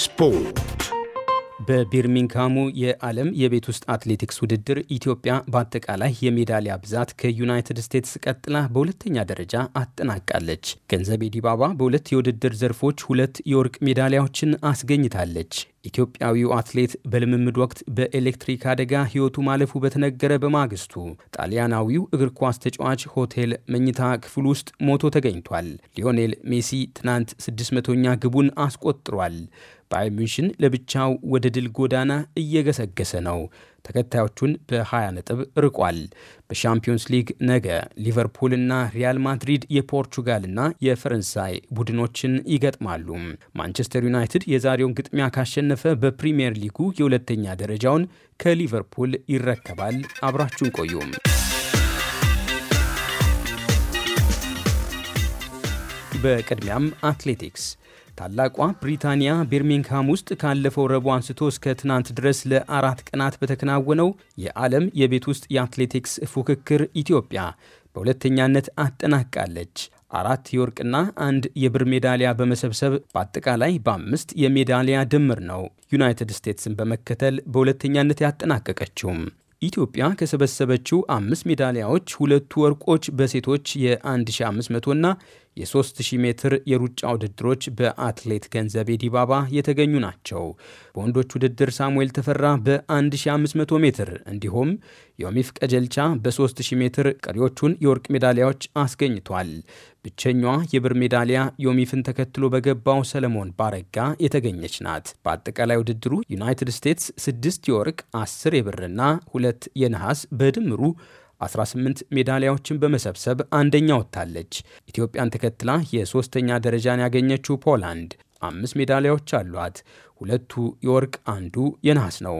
ስፖርት በቢርሚንግሃሙ የዓለም የቤት ውስጥ አትሌቲክስ ውድድር ኢትዮጵያ በአጠቃላይ የሜዳሊያ ብዛት ከዩናይትድ ስቴትስ ቀጥላ በሁለተኛ ደረጃ አጠናቃለች። ገንዘቤ ዲባባ በሁለት የውድድር ዘርፎች ሁለት የወርቅ ሜዳሊያዎችን አስገኝታለች። ኢትዮጵያዊው አትሌት በልምምድ ወቅት በኤሌክትሪክ አደጋ ሕይወቱ ማለፉ በተነገረ በማግስቱ ጣሊያናዊው እግር ኳስ ተጫዋች ሆቴል መኝታ ክፍል ውስጥ ሞቶ ተገኝቷል። ሊዮኔል ሜሲ ትናንት 600ኛ ግቡን አስቆጥሯል። ባየር ሚንሽን ለብቻው ወደ ድል ጎዳና እየገሰገሰ ነው። ተከታዮቹን በ20 ነጥብ ርቋል። በሻምፒዮንስ ሊግ ነገ ሊቨርፑልና ሪያል ማድሪድ የፖርቹጋልና የፈረንሳይ ቡድኖችን ይገጥማሉ። ማንቸስተር ዩናይትድ የዛሬውን ግጥሚያ ካሸነፈ በፕሪምየር ሊጉ የሁለተኛ ደረጃውን ከሊቨርፑል ይረከባል። አብራችሁን ቆዩም። በቅድሚያም አትሌቲክስ ታላቋ ብሪታንያ ቢርሚንግሃም ውስጥ ካለፈው ረቡዕ አንስቶ እስከ ትናንት ድረስ ለአራት ቀናት በተከናወነው የዓለም የቤት ውስጥ የአትሌቲክስ ፉክክር ኢትዮጵያ በሁለተኛነት አጠናቃለች። አራት የወርቅና አንድ የብር ሜዳሊያ በመሰብሰብ በአጠቃላይ በአምስት የሜዳሊያ ድምር ነው ዩናይትድ ስቴትስን በመከተል በሁለተኛነት ያጠናቀቀችውም። ኢትዮጵያ ከሰበሰበችው አምስት ሜዳሊያዎች ሁለቱ ወርቆች በሴቶች የ1500ና የ3000 ሜትር የሩጫ ውድድሮች በአትሌት ገንዘቤ ዲባባ የተገኙ ናቸው። በወንዶች ውድድር ሳሙኤል ተፈራ በ1500 ሜትር እንዲሁም ዮሚፍ ቀጀልቻ በ3000 ሜትር ቀሪዎቹን የወርቅ ሜዳሊያዎች አስገኝቷል። ብቸኛዋ የብር ሜዳሊያ ዮሚፍን ተከትሎ በገባው ሰለሞን ባረጋ የተገኘች ናት። በአጠቃላይ ውድድሩ ዩናይትድ ስቴትስ ስድስት የወርቅ 10 የብርና ሁለት የነሐስ በድምሩ 18 ሜዳሊያዎችን በመሰብሰብ አንደኛ ወጥታለች። ኢትዮጵያን ተከትላ የሶስተኛ ደረጃን ያገኘችው ፖላንድ አምስት ሜዳሊያዎች አሏት። ሁለቱ የወርቅ አንዱ የነሐስ ነው።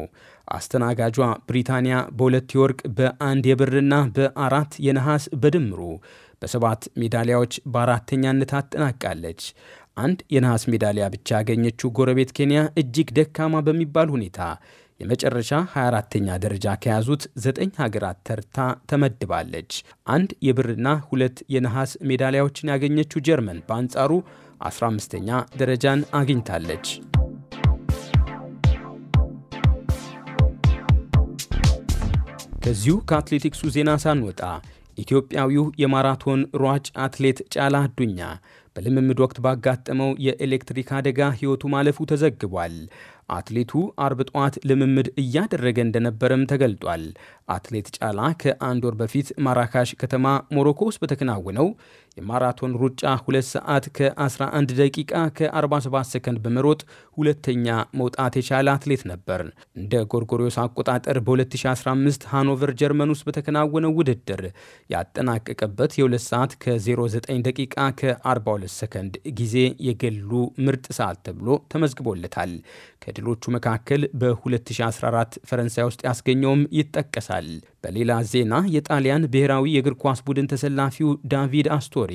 አስተናጋጇ ብሪታንያ በሁለት የወርቅ በአንድ የብርና በአራት የነሐስ በድምሩ በሰባት ሜዳሊያዎች በአራተኛነት አጠናቃለች። አንድ የነሐስ ሜዳሊያ ብቻ ያገኘችው ጎረቤት ኬንያ እጅግ ደካማ በሚባል ሁኔታ የመጨረሻ 24ኛ ደረጃ ከያዙት ዘጠኝ ሀገራት ተርታ ተመድባለች። አንድ የብርና ሁለት የነሐስ ሜዳሊያዎችን ያገኘችው ጀርመን በአንጻሩ 15 ተኛ ደረጃን አግኝታለች። ከዚሁ ከአትሌቲክሱ ዜና ሳንወጣ ኢትዮጵያዊው የማራቶን ሯጭ አትሌት ጫላ አዱኛ በልምምድ ወቅት ባጋጠመው የኤሌክትሪክ አደጋ ሕይወቱ ማለፉ ተዘግቧል። አትሌቱ አርብ ጠዋት ልምምድ እያደረገ እንደነበረም ተገልጧል። አትሌት ጫላ ከአንድ ወር በፊት ማራካሽ ከተማ ሞሮኮ ውስጥ በተከናወነው የማራቶን ሩጫ 2 ሰዓት ከ11 ደቂቃ ከ47 ሰከንድ በመሮጥ ሁለተኛ መውጣት የቻለ አትሌት ነበር። እንደ ጎርጎሪዮስ አቆጣጠር በ2015 ሃኖቨር ጀርመን ውስጥ በተከናወነው ውድድር ያጠናቀቀበት የ2 ሰዓት ከ09 ደቂቃ ከ42 ሰከንድ ጊዜ የገሉ ምርጥ ሰዓት ተብሎ ተመዝግቦለታል። ከድሎቹ መካከል በ2014 ፈረንሳይ ውስጥ ያስገኘውም ይጠቀሳል። በሌላ ዜና የጣሊያን ብሔራዊ የእግር ኳስ ቡድን ተሰላፊው ዳቪድ አስቶሪ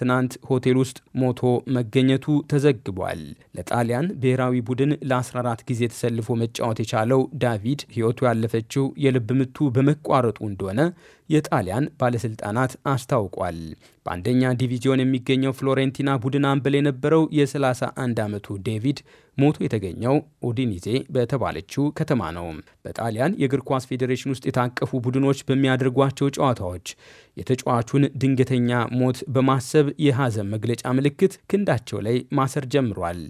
ትናንት ሆቴል ውስጥ ሞቶ መገኘቱ ተዘግቧል። ለጣሊያን ብሔራዊ ቡድን ለ14 ጊዜ ተሰልፎ መጫወት የቻለው ዳቪድ ሕይወቱ ያለፈችው የልብ ምቱ በመቋረጡ እንደሆነ የጣሊያን ባለስልጣናት አስታውቋል። በአንደኛ ዲቪዚዮን የሚገኘው ፍሎሬንቲና ቡድን አምበል የነበረው የ31 ዓመቱ ዴቪድ ሞቶ የተገኘው ኡዲኒዜ በተባለችው ከተማ ነው። በጣሊያን የእግር ኳስ ፌዴሬሽን ውስጥ የታቀፉ ቡድኖች በሚያደርጓቸው ጨዋታዎች የተጫዋቹን ድንገተኛ ሞት በማሰብ የሐዘን መግለጫ ምልክት ክንዳቸው ላይ ማሰር ጀምሯል።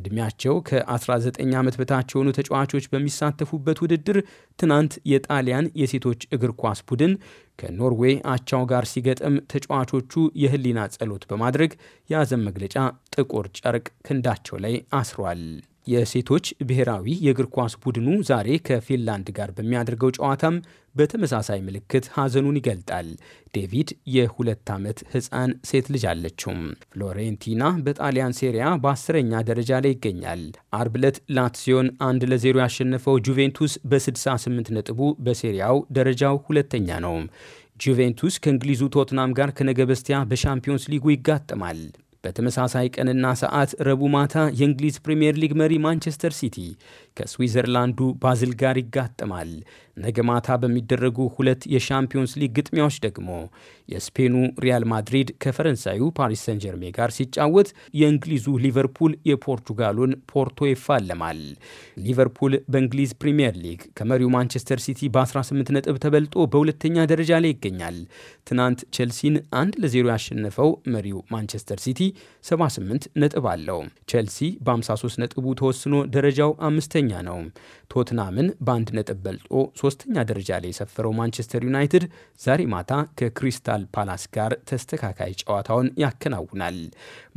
ዕድሜያቸው ከ19 ዓመት በታች የሆኑ ተጫዋቾች በሚሳተፉበት ውድድር ትናንት የጣሊያን የሴቶች እግር ኳስ ቡድን ከኖርዌይ አቻው ጋር ሲገጥም ተጫዋቾቹ የህሊና ጸሎት በማድረግ የሐዘን መግለጫ ጥቁር ጨርቅ ክንዳቸው ላይ አስሯል። የሴቶች ብሔራዊ የእግር ኳስ ቡድኑ ዛሬ ከፊንላንድ ጋር በሚያደርገው ጨዋታም በተመሳሳይ ምልክት ሐዘኑን ይገልጣል። ዴቪድ የሁለት ዓመት ሕፃን ሴት ልጅ አለችው። ፍሎሬንቲና በጣሊያን ሴሪያ በአስረኛ ደረጃ ላይ ይገኛል። አርብ ዕለት ላትሲዮን አንድ ለዜሮ ያሸነፈው ጁቬንቱስ በ68 ነጥቡ በሴሪያው ደረጃው ሁለተኛ ነው። ጁቬንቱስ ከእንግሊዙ ቶትናም ጋር ከነገ በስቲያ በሻምፒዮንስ ሊጉ ይጋጠማል። በተመሳሳይ ቀንና ሰዓት ረቡዕ ማታ የእንግሊዝ ፕሪምየር ሊግ መሪ ማንቸስተር ሲቲ ከስዊዘርላንዱ ባዝል ጋር ይጋጥማል። ነገ ማታ በሚደረጉ ሁለት የሻምፒዮንስ ሊግ ግጥሚያዎች ደግሞ የስፔኑ ሪያል ማድሪድ ከፈረንሳዩ ፓሪስ ሰን ጀርሜ ጋር ሲጫወት የእንግሊዙ ሊቨርፑል የፖርቱጋሉን ፖርቶ ይፋለማል። ሊቨርፑል በእንግሊዝ ፕሪምየር ሊግ ከመሪው ማንቸስተር ሲቲ በ18 ነጥብ ተበልጦ በሁለተኛ ደረጃ ላይ ይገኛል። ትናንት ቼልሲን አንድ ለዜሮ ያሸነፈው መሪው ማንቸስተር ሲቲ 78 ነጥብ አለው። ቼልሲ በ53 ነጥቡ ተወስኖ ደረጃው አምስተ ስድስተኛ ነው። ቶትናምን በአንድ ነጥብ በልጦ ሶስተኛ ደረጃ ላይ የሰፈረው ማንቸስተር ዩናይትድ ዛሬ ማታ ከክሪስታል ፓላስ ጋር ተስተካካይ ጨዋታውን ያከናውናል።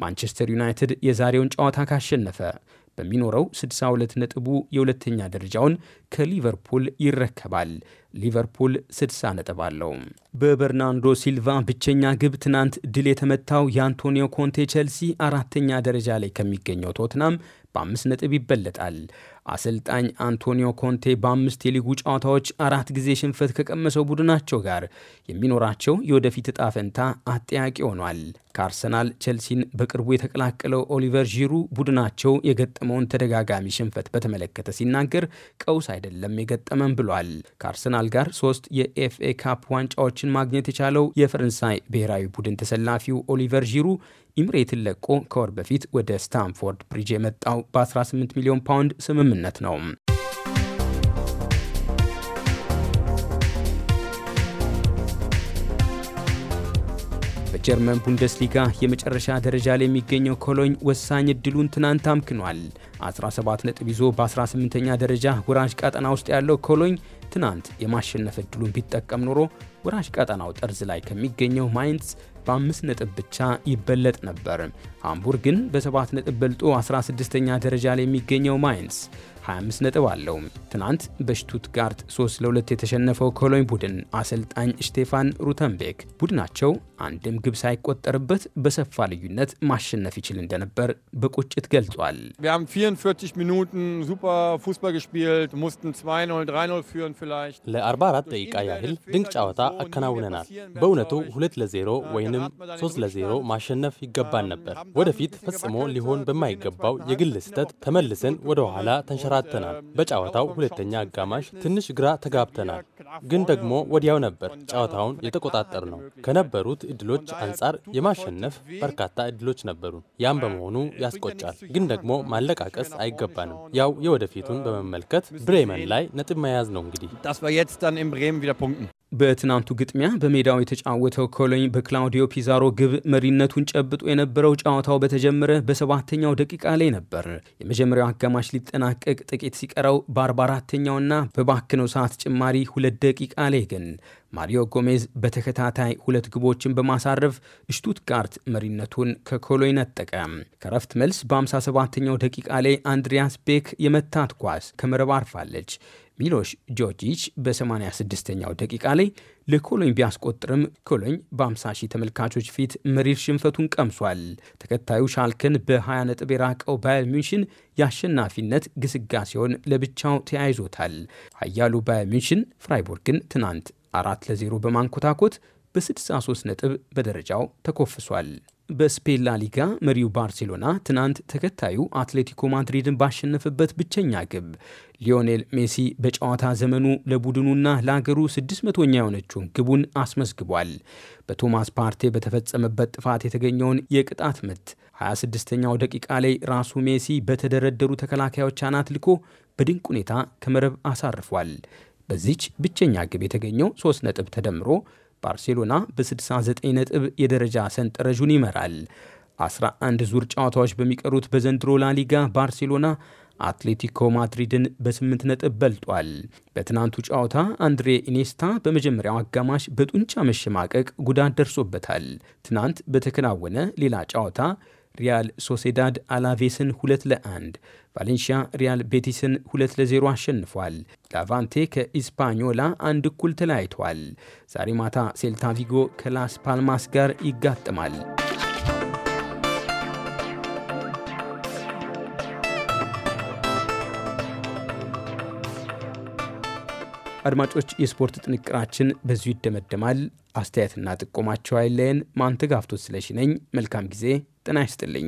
ማንቸስተር ዩናይትድ የዛሬውን ጨዋታ ካሸነፈ በሚኖረው 62 ነጥቡ የሁለተኛ ደረጃውን ከሊቨርፑል ይረከባል። ሊቨርፑል 60 ነጥብ አለው። በበርናንዶ ሲልቫ ብቸኛ ግብ ትናንት ድል የተመታው የአንቶኒዮ ኮንቴ ቼልሲ አራተኛ ደረጃ ላይ ከሚገኘው ቶትናም በአምስት ነጥብ ይበለጣል። አሰልጣኝ አንቶኒዮ ኮንቴ በአምስት የሊጉ ጨዋታዎች አራት ጊዜ ሽንፈት ከቀመሰው ቡድናቸው ጋር የሚኖራቸው የወደፊት እጣ ፈንታ አጠያቂ ሆኗል። ከአርሰናል ቼልሲን በቅርቡ የተቀላቀለው ኦሊቨር ዢሩ ቡድናቸው የገጠመውን ተደጋጋሚ ሽንፈት በተመለከተ ሲናገር ቀውስ አይደለም የገጠመን ብሏል። ከአርሰናል ጋር ሶስት የኤፍኤ ካፕ ዋንጫዎችን ማግኘት የቻለው የፈረንሳይ ብሔራዊ ቡድን ተሰላፊው ኦሊቨር ዢሩ ኢምሬትን ለቆ ከወር በፊት ወደ ስታንፎርድ ብሪጅ የመጣው በ18 ሚሊዮን ፓውንድ ስምምነት ስምምነት ነው። በጀርመን ቡንደስሊጋ የመጨረሻ ደረጃ ላይ የሚገኘው ኮሎኝ ወሳኝ እድሉን ትናንት አምክኗል። 17 ነጥብ ይዞ በ18ኛ ደረጃ ወራጅ ቀጠና ውስጥ ያለው ኮሎኝ ትናንት የማሸነፍ እድሉን ቢጠቀም ኖሮ ወራጅ ቀጠናው ጠርዝ ላይ ከሚገኘው ማይንስ በአምስት ነጥብ ብቻ ይበለጥ ነበር። ሃምቡርግን በሰባት ነጥብ በልጦ 16ኛ ደረጃ ላይ የሚገኘው ማይንስ 25 ነጥብ አለው። ትናንት በሽቱትጋርት 3 ለ2 የተሸነፈው ኮሎኝ ቡድን አሰልጣኝ ሽቴፋን ሩተንቤክ ቡድናቸው አንድም ግብ ሳይቆጠርበት በሰፋ ልዩነት ማሸነፍ ይችል እንደነበር በቁጭት ገልጿል። ለ44 ደቂቃ ያህል ድንቅ ጨዋታ አከናውነናል። በእውነቱ 2 ለ0 ወይንም 3 ለ0 ማሸነፍ ይገባን ነበር። ወደፊት ፈጽሞ ሊሆን በማይገባው የግል ስህተት ተመልሰን ወደ ኋላ ተንሸራ ተንሸራተናል። በጨዋታው ሁለተኛ አጋማሽ ትንሽ ግራ ተጋብተናል፣ ግን ደግሞ ወዲያው ነበር ጨዋታውን የተቆጣጠር ነው። ከነበሩት እድሎች አንጻር የማሸነፍ በርካታ እድሎች ነበሩ። ያም በመሆኑ ያስቆጫል፣ ግን ደግሞ ማለቃቀስ አይገባንም። ያው የወደፊቱን በመመልከት ብሬመን ላይ ነጥብ መያዝ ነው እንግዲህ በትናንቱ ግጥሚያ በሜዳው የተጫወተው ኮሎኝ በክላውዲዮ ፒዛሮ ግብ መሪነቱን ጨብጦ የነበረው ጨዋታው በተጀመረ በሰባተኛው ደቂቃ ላይ ነበር። የመጀመሪያው አጋማሽ ሊጠናቀቅ ጥቂት ሲቀረው በ44ተኛውና በባክነው ሰዓት ጭማሪ ሁለት ደቂቃ ላይ ግን ማሪዮ ጎሜዝ በተከታታይ ሁለት ግቦችን በማሳረፍ ሽቱትጋርት መሪነቱን ከኮሎኝ ነጠቀ። ከረፍት መልስ በ 57 ተኛው ደቂቃ ላይ አንድሪያስ ቤክ የመታት ኳስ ከመረብ አርፋለች። ሚሎሽ ጆጂች በ86ኛው ደቂቃ ላይ ለኮሎኝ ቢያስቆጥርም ኮሎኝ በ50 ሺህ ተመልካቾች ፊት መሪር ሽንፈቱን ቀምሷል። ተከታዩ ሻልከን በ20 ነጥብ የራቀው ባየር ሚንሽን የአሸናፊነት ግስጋሴውን ለብቻው ተያይዞታል። ኃያሉ ባየር ሚንሽን ፍራይቡርግን ትናንት አራት ለዜሮ በማንኮታኮት በ63 ነጥብ በደረጃው ተኮፍሷል። በስፔን ላሊጋ መሪው ባርሴሎና ትናንት ተከታዩ አትሌቲኮ ማድሪድን ባሸነፈበት ብቸኛ ግብ ሊዮኔል ሜሲ በጨዋታ ዘመኑ ለቡድኑና ለአገሩ 600ኛ የሆነችውን ግቡን አስመዝግቧል። በቶማስ ፓርቴ በተፈጸመበት ጥፋት የተገኘውን የቅጣት ምት 26ኛው ደቂቃ ላይ ራሱ ሜሲ በተደረደሩ ተከላካዮች አናት ልኮ በድንቅ ሁኔታ ከመረብ አሳርፏል። በዚች ብቸኛ ግብ የተገኘው ሶስት ነጥብ ተደምሮ ባርሴሎና በ69 ነጥብ የደረጃ ሰንጠረዡን ይመራል። 11 ዙር ጨዋታዎች በሚቀሩት በዘንድሮ ላሊጋ ባርሴሎና አትሌቲኮ ማድሪድን በስምንት ነጥብ በልጧል። በትናንቱ ጨዋታ አንድሬ ኢኔስታ በመጀመሪያው አጋማሽ በጡንቻ መሸማቀቅ ጉዳት ደርሶበታል። ትናንት በተከናወነ ሌላ ጨዋታ ሪያል ሶሴዳድ አላቬስን 2 ለ1፣ ቫሌንሺያ ሪያል ቤቲስን 2 ለ0 አሸንፏል። ላቫንቴ ከኢስፓኞላ አንድ እኩል ተለያይቷል። ዛሬ ማታ ሴልታ ቪጎ ከላስ ፓልማስ ጋር ይጋጥማል። አድማጮች፣ የስፖርት ጥንቅራችን በዙ ይደመደማል። አስተያየትና ጥቆማቸው አይለየን። ማንተጋፍቶት ስለሽነኝ መልካም ጊዜ። ጥና ይስጥልኝ።